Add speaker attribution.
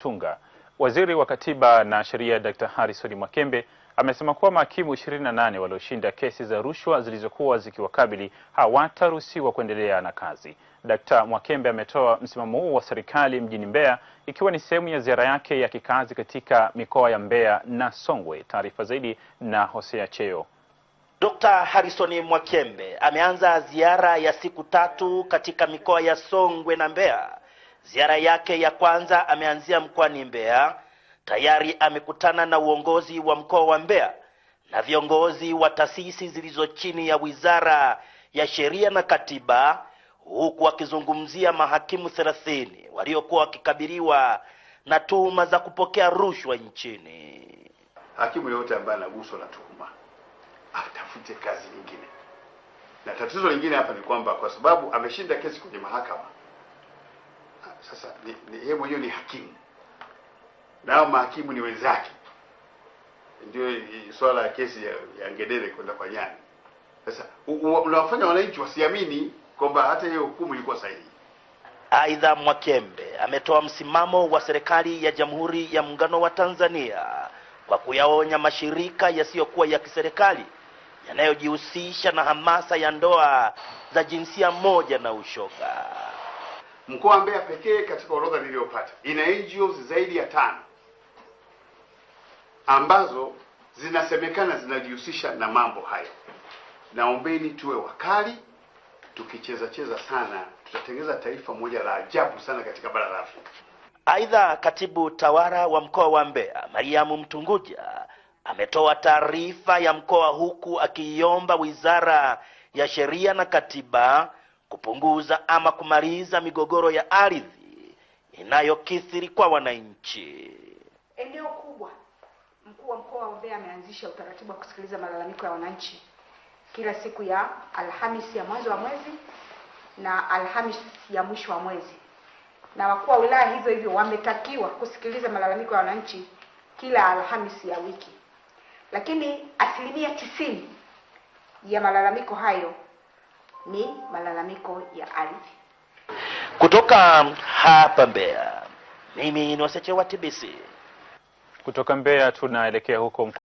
Speaker 1: Tunga. Waziri wa Katiba na Sheria Dr. Harrison Mwakembe amesema kuwa mahakimu 28 walioshinda kesi za rushwa zilizokuwa zikiwakabili hawataruhusiwa kuendelea na kazi. Dkt. Mwakembe ametoa msimamo huu wa serikali mjini Mbeya ikiwa ni sehemu ya ziara yake ya kikazi katika mikoa ya Mbeya na Songwe. Taarifa zaidi na Hosea Cheo.
Speaker 2: Dr. Harrison Mwakembe ameanza ziara ya siku tatu katika mikoa ya Songwe na Mbeya Ziara yake ya kwanza ameanzia mkoani Mbeya. Tayari amekutana na uongozi wa mkoa wa Mbeya na viongozi wa taasisi zilizo chini ya Wizara ya Sheria na Katiba, huku akizungumzia mahakimu thelathini waliokuwa wakikabiliwa na tuhuma za kupokea rushwa nchini.
Speaker 3: Hakimu yoyote ambaye anaguswa na tuhuma atafute kazi nyingine, na tatizo lingine hapa ni kwamba kwa sababu ameshinda kesi kwenye mahakama sasa yeye mwenyewe ni hakimu nao mahakimu ni wenzake. Ndio swala ya kesi ya, ya ngedere kwenda kwa nyani. Sasa unawafanya wananchi wasiamini kwamba hata hiyo hukumu ilikuwa sahihi.
Speaker 2: Aidha, Mwakembe ametoa msimamo wa serikali ya Jamhuri ya Muungano wa Tanzania kwa kuyaonya mashirika yasiyokuwa ya kiserikali yanayojihusisha na hamasa ya ndoa za jinsia moja na ushoga.
Speaker 3: Mkoa wa Mbeya pekee katika orodha niliyopata ina NGOs zaidi ya tano ambazo zinasemekana zinajihusisha na mambo hayo. Naombeni tuwe wakali, tukicheza cheza sana tutatengeza taifa moja la ajabu sana katika bara la Afrika.
Speaker 2: Aidha, katibu tawala wa mkoa wa Mbeya Mariamu Mtunguja ametoa taarifa ya mkoa huku akiiomba Wizara ya Sheria na Katiba kupunguza ama kumaliza migogoro ya ardhi inayokithiri kwa wananchi.
Speaker 4: Eneo kubwa, mkuu wa mkoa wa Mbeya ameanzisha utaratibu wa kusikiliza malalamiko ya wananchi kila siku ya Alhamisi ya mwanzo wa mwezi na Alhamisi ya mwisho wa mwezi, na wakuu wa wilaya hivyo hivyo wametakiwa kusikiliza malalamiko ya wananchi kila Alhamisi ya wiki, lakini asilimia tisini ya malalamiko hayo ni malalamiko ya ardhi
Speaker 2: kutoka hapa Mbeya, mimi ni wasechewa TBC kutoka Mbeya tunaelekea huko mkua.